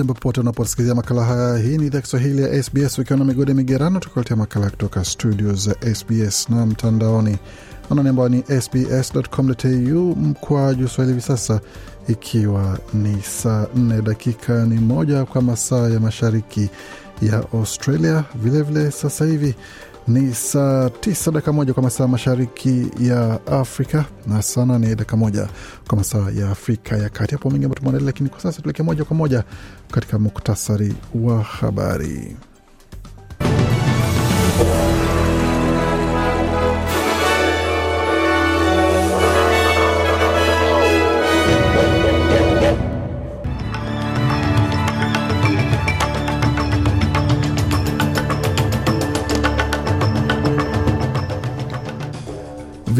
Hujambo popote unaposikiliza makala haya. Hii ni idhaa Kiswahili ya SBS ukiwa na migode migerano, tukuletea makala kutoka studio za SBS na mtandaoni anani ambao ni sbs.com.au juu swahili hivi sasa, ikiwa ni saa 4 dakika ni moja kwa masaa ya mashariki ya Australia. Vilevile vile sasa hivi ni saa tisa dakika moja kwa masaa mashariki ya Afrika na saa 8 dakika moja kwa masaa ya Afrika ya Kati. Hapo mengi ambayo tumeandalia, lakini kwa sasa tuelekee moja kwa moja katika muktasari wa habari.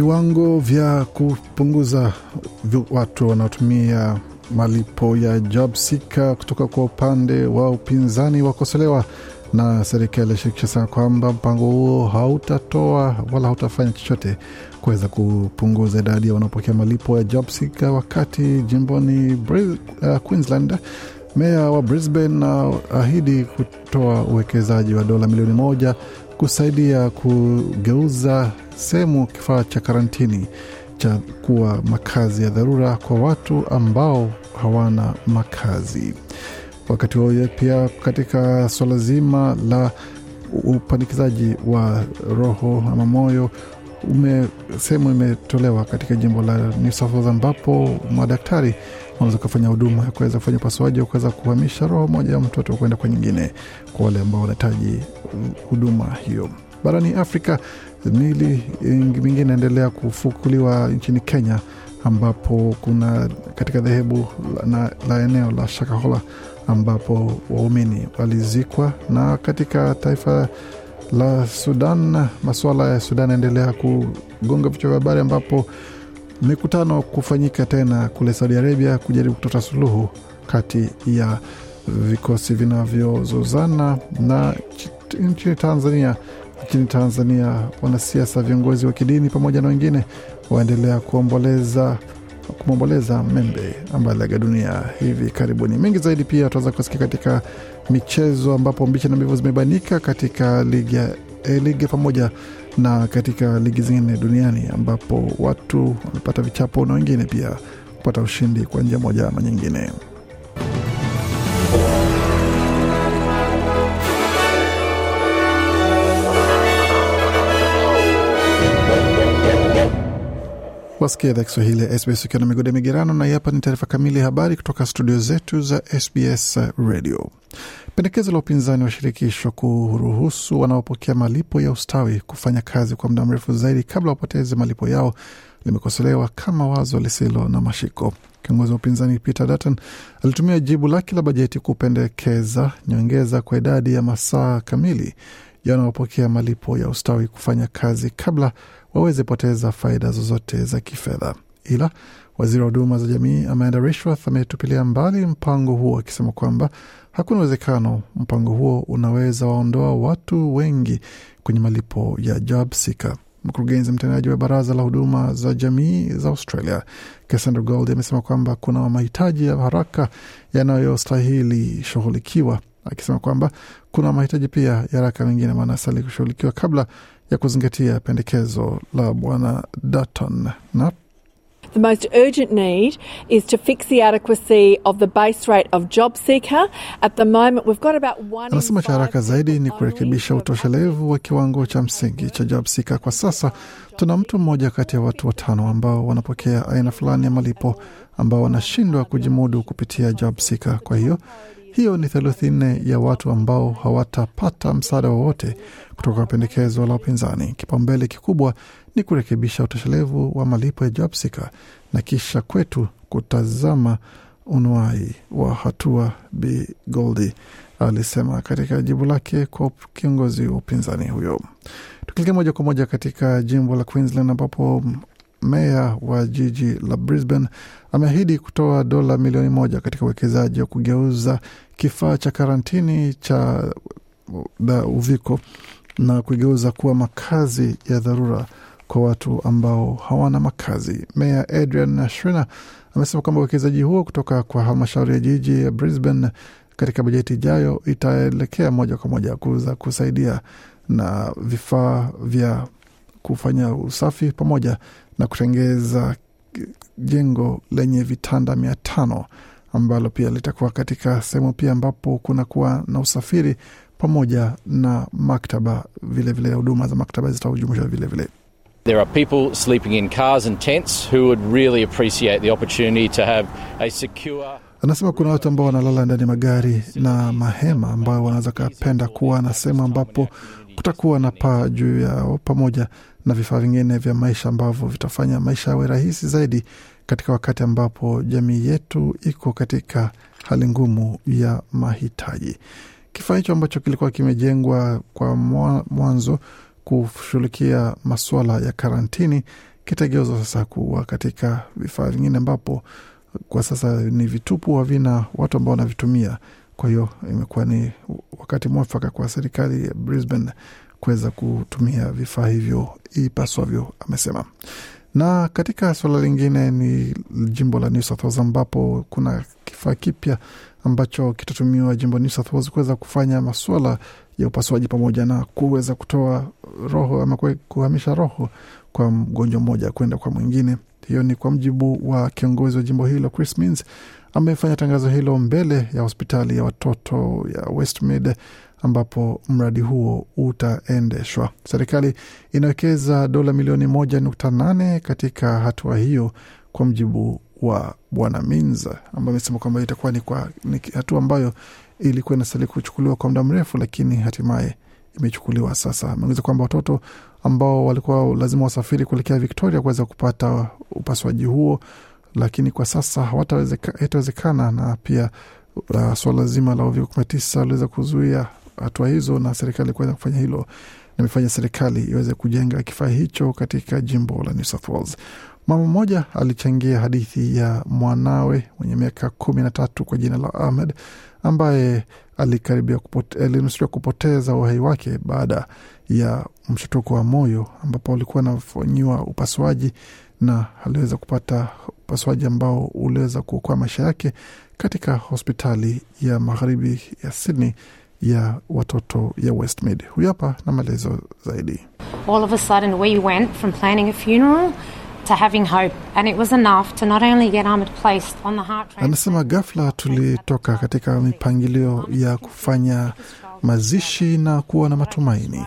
viwango vya kupunguza watu wanaotumia malipo ya jobsika kutoka kwa upande wa upinzani wakosolewa na serikali ya shirikisho sana kwamba mpango huo hautatoa wala hautafanya chochote kuweza kupunguza idadi ya wanaopokea malipo ya jobsika wakati jimboni uh, Queensland meya wa Brisbane uh, kutoa uwekezaji wa dola milioni moja kusaidia kugeuza sehemu kifaa cha karantini cha kuwa makazi ya dharura kwa watu ambao hawana makazi. Wakati huo pia, katika swala zima la upandikizaji wa roho ama moyo ume, sehemu imetolewa katika jimbo la New South Wales ambapo madaktari wanaweza kufanya huduma ya kuweza kufanya upasuaji wa kuweza kuhamisha roho moja ya mtoto kwenda kwa nyingine kwa wale ambao wanahitaji huduma hiyo. Barani Afrika, mili mingi inaendelea kufukuliwa nchini Kenya, ambapo kuna katika dhehebu la, la eneo la Shakahola ambapo waumini walizikwa, na katika taifa la Sudan, masuala ya Sudan yaendelea kugonga vichwa vya habari, ambapo mikutano kufanyika tena kule Saudi Arabia kujaribu kutota suluhu kati ya vikosi vinavyozozana na nchini Tanzania Nchini Tanzania, wanasiasa, viongozi wa kidini pamoja na wengine waendelea kuomboleza kumwomboleza Membe ambaye aliaga dunia hivi karibuni. Mengi zaidi pia tunaweza kusikia katika michezo, ambapo mbichi na mbivu zimebanika katika ligi ya e ligi pamoja na katika ligi zingine duniani, ambapo watu wamepata vichapo na wengine pia kupata ushindi kwa njia moja ama nyingine. Wasikia idhaa Kiswahili ya SBS ukiwa na migode migerano, na hii hapa ni taarifa kamili ya habari kutoka studio zetu za SBS Radio. Pendekezo la upinzani wa shirikisho kuruhusu wanaopokea malipo ya ustawi kufanya kazi kwa muda mrefu zaidi kabla wapoteze malipo yao limekosolewa kama wazo lisilo na mashiko. Kiongozi wa upinzani Peter Dutton alitumia jibu lake la bajeti kupendekeza nyongeza kwa idadi ya masaa kamili ya wanaopokea malipo ya ustawi kufanya kazi kabla waweze poteza faida zozote za kifedha. Ila waziri wa huduma za jamii Amanda Rishworth ametupilia mbali mpango huo akisema kwamba hakuna uwezekano mpango huo unaweza waondoa watu wengi kwenye malipo ya job seeker. Mkurugenzi mtendaji wa baraza la huduma za jamii za Australia Cassandra Gold amesema kwamba kuna mahitaji ya haraka yanayostahili shughulikiwa, akisema kwamba kuna mahitaji pia ya haraka mengine manastahili kushughulikiwa kabla ya kuzingatia pendekezo la Bwana Dutton na The most urgent need is to fix the adequacy of the base rate of job seeker. At the moment we've got about one. Anasema cha haraka zaidi ni kurekebisha utoshelevu wa kiwango cha msingi cha job seeker. Kwa sasa tuna mtu mmoja kati ya watu watano ambao wanapokea aina fulani ya malipo ambao wanashindwa kujimudu kupitia job seeker. Kwa hiyo hiyo ni theluthi nne ya watu ambao hawatapata msaada wowote kutoka kwa pendekezo la upinzani. Kipaumbele kikubwa ni kurekebisha utoshelevu wa malipo ya JobSeeker na kisha kwetu kutazama unuai wa hatua. b Goldi alisema katika jibu lake kwa kiongozi wa upinzani huyo. Tukilekea moja kwa moja katika jimbo la Queensland ambapo meya wa jiji la Brisbane ameahidi kutoa dola milioni moja katika uwekezaji wa kugeuza kifaa cha karantini cha da Uviko na kugeuza kuwa makazi ya dharura kwa watu ambao hawana makazi. Meya Adrian Schreiner amesema kwamba uwekezaji huo kutoka kwa halmashauri ya jiji ya Brisbane katika bajeti ijayo itaelekea moja kwa moja kuza kusaidia na vifaa vya kufanya usafi pamoja na kutengeza jengo lenye vitanda mia tano ambalo pia litakuwa katika sehemu pia ambapo kunakuwa na usafiri pamoja na maktaba vilevile, huduma vile za maktaba zitajumuishwa vilevile. There are people sleeping in cars and tents who would really appreciate the opportunity to have a secure Anasema kuna watu ambao wanalala ndani ya magari na mahema ambayo wanaweza kapenda kuwa na sehemu ambapo kutakuwa na paa juu yao pamoja na vifaa vingine vya maisha ambavyo vitafanya maisha yawe rahisi zaidi katika wakati ambapo jamii yetu iko katika hali ngumu ya mahitaji. Kifaa hicho ambacho kilikuwa kimejengwa kwa mwanzo kushughulikia masuala ya karantini kitageuzwa sasa kuwa katika vifaa vingine ambapo kwa sasa ni vitupu, havina watu ambao wanavitumia kwa hiyo imekuwa ni wakati mwafaka kwa serikali ya Brisbane kuweza kutumia vifaa hivyo ipaswavyo, amesema. Na katika suala lingine ni jimbo la New South Wales ambapo kuna kifaa kipya ambacho kitatumiwa jimbo New South Wales kuweza kufanya masuala ya upasuaji pamoja na kuweza kutoa roho ama kuhamisha roho kwa mgonjwa mmoja kwenda kwa mwingine. Hiyo ni kwa mjibu wa kiongozi wa jimbo hilo Chris Minns amefanya tangazo hilo mbele ya hospitali ya watoto ya Westmid ambapo mradi huo utaendeshwa. Serikali inawekeza dola milioni moja nukta nane katika hatua hiyo, kwa mjibu wa Bwana Mins ambaye amesema kwamba itakuwa ni, kwa, ni hatua ambayo ilikuwa inastahili kuchukuliwa kwa muda mrefu, lakini hatimaye imechukuliwa sasa. Ameongeza kwamba watoto ambao walikuwa lazima wasafiri kuelekea Victoria kuweza kupata upasuaji huo lakini kwa sasa hatawezekana, na pia uh, suala zima la uviko kumi na tisa liweza kuzuia hatua hizo na serikali kuweza kufanya hilo, nimefanya serikali iweze kujenga kifaa hicho katika jimbo la New South Wales. Mama mmoja alichangia hadithi ya mwanawe mwenye miaka kumi na tatu kwa jina la Ahmed ambaye alikaribia kupote, alinusurika kupoteza uhai wake baada ya mshutuko wa moyo ambapo alikuwa anafanyiwa upasuaji na aliweza kupata upasuaji ambao uliweza kuokoa maisha yake katika hospitali ya magharibi ya Sydney ya watoto ya Westmead. Huyu hapa na maelezo zaidi. All of a sudden we went from planning a funeral Anasema ghafla tulitoka katika mipangilio ya kufanya mazishi na kuwa na matumaini.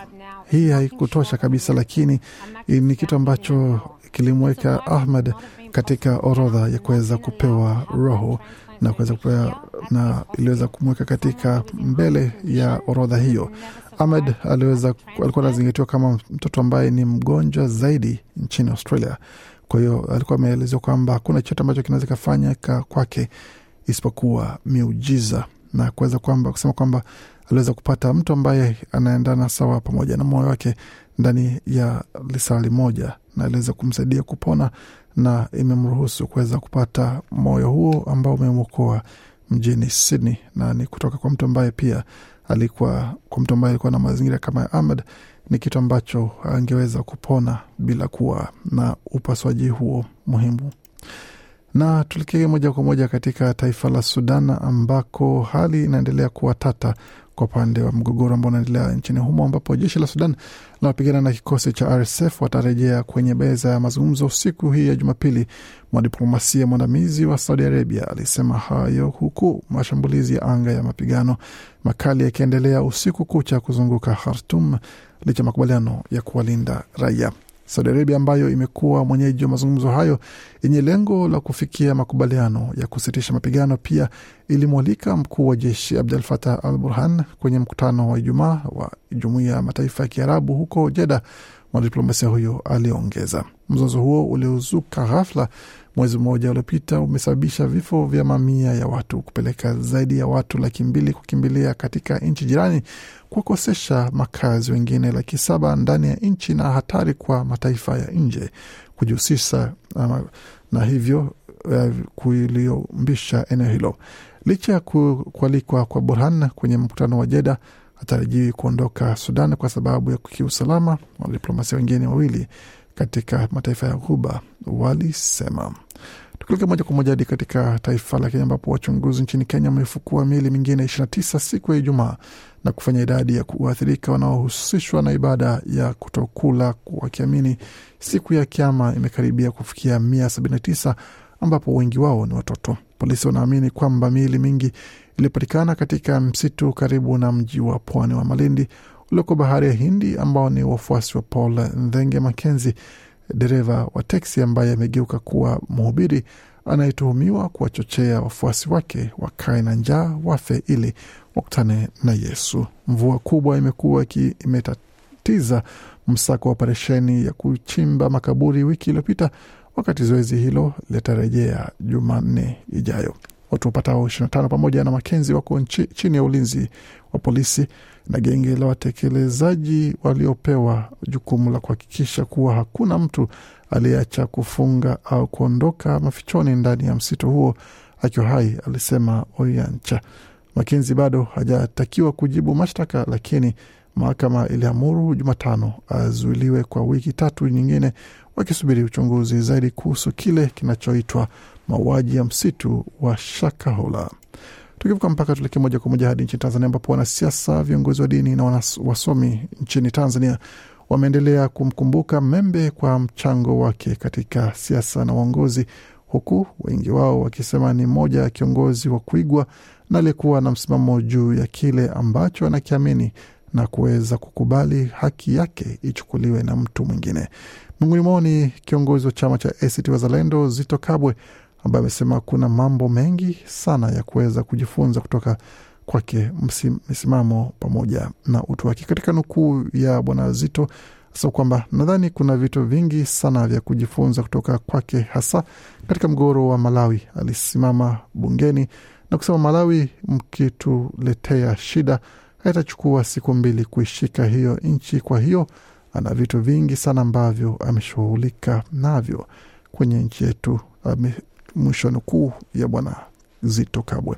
Hii haikutosha kabisa, lakini ni kitu ambacho kilimweka Ahmad katika orodha ya kuweza kupewa roho na kuweza kupewa na iliweza kumweka katika mbele ya orodha hiyo. Ahmed aliweza alikuwa anazingatiwa kama mtoto ambaye ni mgonjwa zaidi nchini Australia. Kwa hiyo alikuwa ameelezwa kwamba hakuna chochote ambacho kinaweza kafanya kwake isipokuwa miujiza na kuweza kwamba kusema kwamba aliweza kupata mtu ambaye anaendana sawa pamoja na moyo wake ndani ya lisali moja na iliweza kumsaidia kupona na imemruhusu kuweza kupata moyo huo ambao umemwokoa mjini Sydney, na ni kutoka kwa mtu ambaye pia alikuwa kwa mtu ambaye alikuwa na mazingira kama ya Ahmed. Ni kitu ambacho angeweza kupona bila kuwa na upasuaji huo muhimu. Na tulikie moja kwa moja katika taifa la Sudan ambako hali inaendelea kuwa tata kwa upande wa mgogoro ambao unaendelea nchini humo, ambapo jeshi la Sudan linaopigana na kikosi cha RSF watarejea kwenye meza ya mazungumzo siku hii ya Jumapili. mwadiplomasia mwandamizi wa Saudi Arabia alisema hayo huku mashambulizi ya anga ya mapigano makali yakiendelea usiku kucha kuzunguka Khartum licha makubaliano ya kuwalinda raia. Saudi Arabia ambayo imekuwa mwenyeji wa mazungumzo hayo yenye lengo la kufikia makubaliano ya kusitisha mapigano pia ilimwalika mkuu wa jeshi Abdel fatah al Burhan kwenye mkutano wa Ijumaa wa jumuia ya Mataifa ya Kiarabu huko jeda Mwanadiplomasia huyo aliongeza, mzozo huo uliozuka ghafla mwezi mmoja uliopita umesababisha vifo vya mamia ya watu kupeleka zaidi ya watu laki mbili kukimbilia katika nchi jirani kuwakosesha makazi wengine laki saba ndani ya nchi na hatari kwa mataifa ya nje kujihusisha na hivyo uh, eh, kuliombisha eneo hilo. Licha ya kualikwa kwa Burhan kwenye mkutano wa Jeda, hatarajiwi kuondoka Sudan kwa sababu ya kiusalama. Wadiplomasia wengine wawili katika mataifa ya Ghuba walisema. Tukilekea moja kwa moja hadi katika taifa la Kenya ambapo wachunguzi nchini Kenya wamefukua miili mingine 29 siku ya Ijumaa na kufanya idadi ya kuathirika wanaohusishwa na ibada ya kutokula wakiamini siku ya kiama imekaribia kufikia 179 ambapo wengi wao ni watoto. Polisi wanaamini kwamba miili mingi iliyopatikana katika msitu karibu na mji wa pwani wa Malindi lililoko bahari ya Hindi ambao ni wafuasi wa Paul Nthenge makenzi dereva wa teksi ambaye amegeuka kuwa mhubiri anayetuhumiwa kuwachochea wafuasi wake wakae na njaa wafe ili wakutane na Yesu. Mvua kubwa imekuwa imetatiza msako wa operesheni ya kuchimba makaburi wiki iliyopita, wakati zoezi hilo litarejea Jumanne ijayo. Watu wapatao 25 pamoja na Makenzi wako nchi, chini ya ulinzi wa polisi na genge la watekelezaji waliopewa jukumu la kuhakikisha kuwa hakuna mtu aliyeacha kufunga au kuondoka mafichoni ndani ya msitu huo akiwa hai, alisema Oyancha. Makenzi bado hajatakiwa kujibu mashtaka, lakini mahakama iliamuru Jumatano azuiliwe kwa wiki tatu nyingine, wakisubiri uchunguzi zaidi kuhusu kile kinachoitwa mauaji ya msitu wa Shakahola. Tukivuka mpaka tuelekee moja kwa moja hadi nchini Tanzania, ambapo wanasiasa, viongozi wa dini na wasomi nchini Tanzania wameendelea kumkumbuka Membe kwa mchango wake katika siasa na uongozi, huku wengi wao wakisema ni mmoja ya kiongozi wa kuigwa na aliyekuwa na msimamo juu ya kile ambacho anakiamini na kuweza kukubali haki yake ichukuliwe na mtu mwingine. Miongoni mwao ni kiongozi wa chama cha ACT Wazalendo Zito Kabwe ambaye amesema kuna mambo mengi sana ya kuweza kujifunza kutoka kwake, msimamo pamoja na utu wake. Katika nukuu ya Bwana Zito so kwamba nadhani kuna vitu vingi sana vya kujifunza kutoka kwake, hasa katika mgogoro wa Malawi. Alisimama bungeni na kusema, Malawi mkituletea shida haitachukua siku mbili kuishika hiyo nchi. Kwa hiyo ana vitu vingi sana ambavyo ameshughulika navyo kwenye nchi yetu. Mwisho nukuu ya Bwana Zito Kabwe.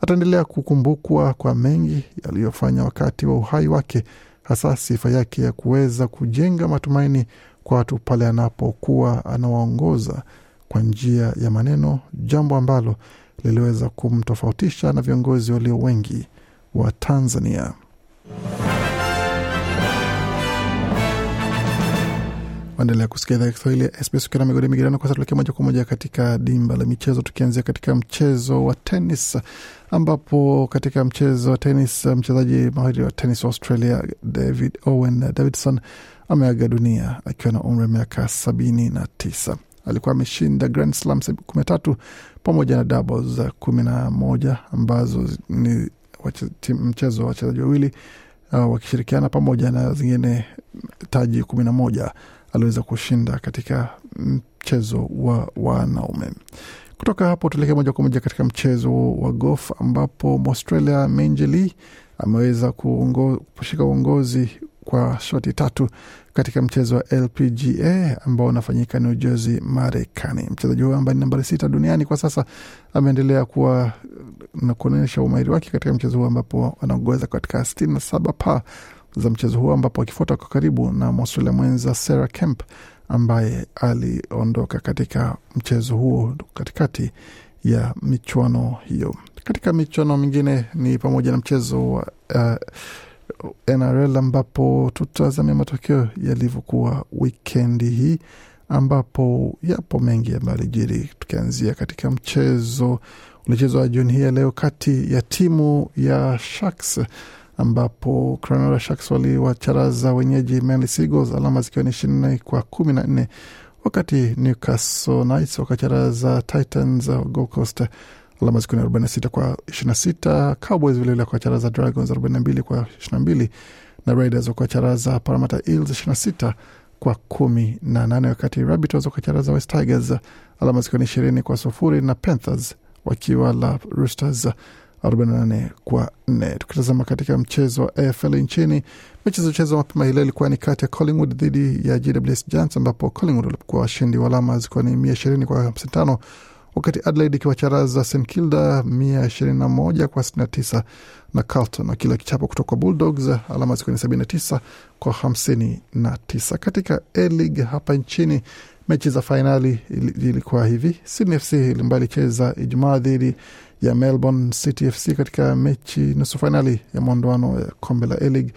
Ataendelea kukumbukwa kwa mengi yaliyofanya wakati wa uhai wake, hasa sifa yake ya kuweza kujenga matumaini kwa watu pale anapokuwa anawaongoza kwa njia ya maneno, jambo ambalo liliweza kumtofautisha na viongozi walio wengi wa Tanzania. Waendelea kusikia idhaa Kiswahili ya SBS ukiwa na migodi migirano. Kwa sasa tulekea moja kwa moja katika dimba la michezo, tukianzia katika mchezo wa tenis, ambapo katika mchezo wa tenis mchezaji mahiri wa tenis wa Australia David Owen Davidson ameaga dunia akiwa na umri wa miaka sabini na tisa. Alikuwa ameshinda Grand Slam kumi na tatu pamoja na doubles kumi na moja ambazo ni mchezo wa wachezaji wawili uh, wakishirikiana pamoja na zingine taji kumi na moja aliweza kushinda katika mchezo wa wanaume. Kutoka hapo tuelekee moja kwa moja katika mchezo wa golf ambapo Mwaustralia Minji ameweza kushika uongozi kwa shoti tatu katika mchezo wa LPGA ambao unafanyika New Jersey, Marekani. Mchezaji huyo ambaye ni nambari sita duniani kwa sasa ameendelea kuwa na kuonyesha umahiri wake katika mchezo huo ambapo anaongoza katika sitini na saba pa za mchezo huo ambapo akifuata kwa karibu na Mwaustralia mwenza Sarah Kemp ambaye aliondoka katika mchezo huo katikati ya michuano hiyo. Katika michuano mingine ni pamoja na mchezo wa uh, eh, NRL ambapo tutazamia matokeo yalivyokuwa wikendi hii, ambapo yapo mengi ambayo alijiri, tukianzia katika mchezo uliochezwa jioni hii ya leo kati ya timu ya Sharks ambapo Cranera Sharks waliwacharaza wenyeji Manly Seagulls alama zikiwa ni ishirini kwa kumi na nne wakati Newcastle Knights wakacharaza Titans uh, Gold Coast alama zikiwa ni sita kwa sita Cowboys vilevile wakacharaza Dragons mbili kwa 22 na Raiders wakacharaza Parramatta Eels sita kwa kumi na nane wakati Rabbitohs wakacharaza West Tigers alama zikiwa ni ishirini kwa sufuri na Panthers wakiwa la Roosters 48 kwa 4. Tukitazama katika mchezo wa AFL nchini, mechi za zilizochezwa mapema hii leo ilikuwa ni kati ya Collingwood dhidi ya GWS Giants, ambapo Collingwood walikuwa washindi wa alama zikiwa ni 120 kwa 55, wakati Adelaide ikiwacharaza St Kilda 121 kwa 69 na Carlton wakila kichapo kutoka kwa Bulldogs, alama zikiwa ni 79 kwa 59. Katika A-League hapa nchini mechi za fainali ilikuwa hivi. Sydney FC ilimba ilicheza Ijumaa dhidi ya Melbourne City FC katika mechi nusu fainali ya mwondoano ya kombe la A-League.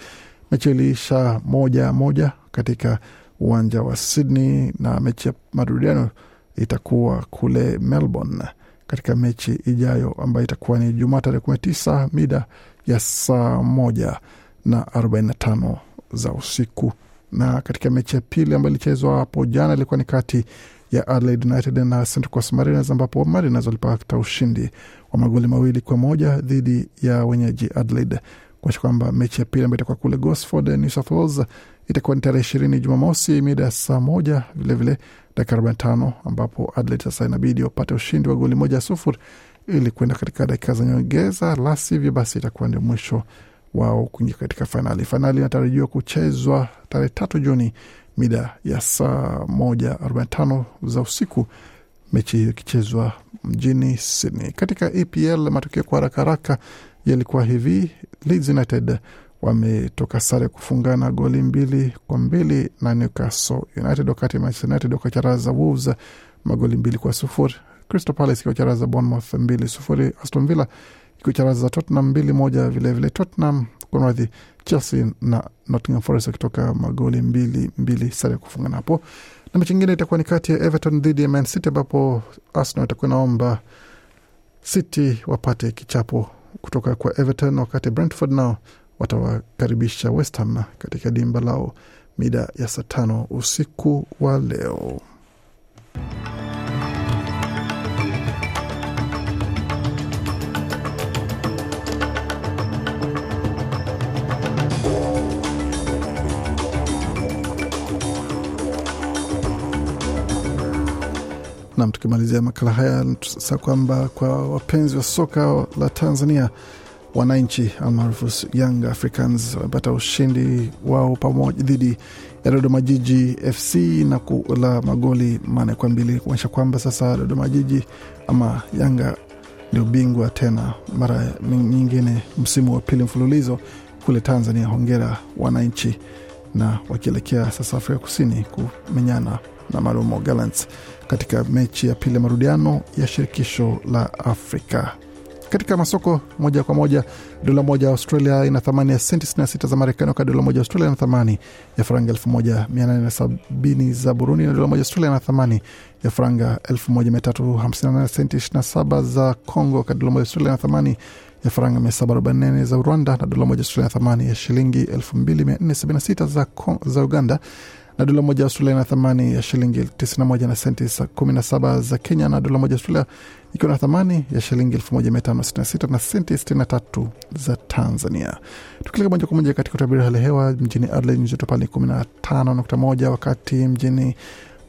Mechi iliisha moja moja katika uwanja wa Sydney na mechi ya marudiano itakuwa kule Melbourne katika mechi ijayo ambayo itakuwa ni Jumaa tarehe kumi na tisa mida ya saa moja na arobaini na tano za usiku. Na katika mechi ya pili ambayo ilichezwa hapo jana ilikuwa ni kati ya Adelaide United na Central Coast Mariners ambapo Mariners walipata ushindi wa magoli mawili kwa moja dhidi ya wenyeji Adelaide kuonyesha kwamba mechi ya pili ambayo itakuwa kule Gosford, New South Wales itakuwa ni tarehe ishirini Jumamosi mida ya saa moja vilevile dakika arobaini tano ambapo Adelaide sasa inabidi wapate ushindi wa goli moja sufuri ili kuenda katika dakika za nyongeza, la sivyo basi itakuwa ndio mwisho wao kuingia katika fainali. Fainali inatarajiwa kuchezwa tarehe tatu Juni mida ya saa moja arobaini tano za usiku, mechi hiyo ikichezwa mjini Sydney. Katika EPL matokeo kwa haraka haraka yalikuwa hivi: Leeds United wametoka sare kufungana goli mbili kwa mbili na Newcastle United, wakati Manchester United wakacharaza Wolves magoli mbili kwa sufuri. Crystal Palace ikiwacharaza Bournemouth mbili sufuri. Aston Villa ikiwacharaza Tottenham mbili moja. Vilevile Tottenham kunradhi, Chelsea na Nottingham Forest wakitoka magoli mbili mbili, sare ya napo, na mechi ingine itakuwa ni kati ya Everton dhidi ya Man City ambapo Arsenal itakuwa inaomba City wapate kichapo kutoka kwa Everton, wakati Brentford nao watawakaribisha West Ham katika dimba lao mida ya saa tano usiku wa leo. tukimalizia makala haya sa kwamba kwa wapenzi wa soka la Tanzania wananchi almaarufu Young Africans wamepata ushindi wao pamoja dhidi ya Dodoma Jiji FC na la magoli mane kwa mbili kuonyesha kwamba sasa Dodoma Jiji ama Yanga ndio bingwa tena mara nyingine msimu wa pili mfululizo kule Tanzania. Hongera wananchi, na wakielekea sasa Afrika Kusini kumenyana na Marumo Gallants katika mechi ya pili ya marudiano ya shirikisho la Afrika. Katika masoko moja kwa moja, dola moja ya Australia ina thamani ya senti 66 za Marekani, wakati dola moja ya Australia ina thamani ya faranga 1870 za Burundi, na dola moja ya Australia ina thamani ya faranga 1358 senti 27 za Congo, wakati dola moja ya Australia ina thamani ya faranga 744 za Rwanda, na dola moja ya Australia ina thamani ya shilingi 2476 za, za Uganda na dola moja Australia ina thamani ya shilingi 91 na senti 17 za Kenya, na dola moja Australia ikiwa na thamani ya shilingi 1566 na senti 63 za Tanzania. Tukileka moja kwa moja katika utabiri hali hewa, mjini Adelaide joto pale 15.1, wakati mjini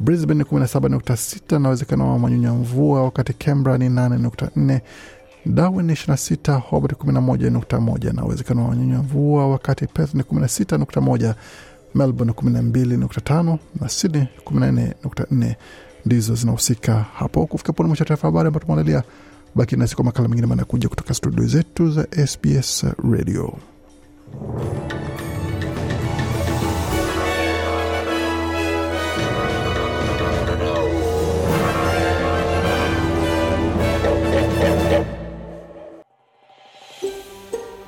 Brisbane 17.6 na uwezekano wa manyunyu ya mvua, wakati Canberra ni 8.4 Darwin ni 26, Hobart 11.1 na uwezekano wa manyunyu ya mvua, wakati Perth ni 16.1 Melbourne 12.5 na Sydney 14.4 ndizo zinahusika hapo. Kufika pone mwisho wa taarifa habari ambayo tumeandalia. Baki nasi kwa makala mengine manakuja kutoka studio zetu za SBS Radio.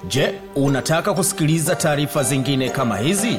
Je, unataka kusikiliza taarifa zingine kama hizi?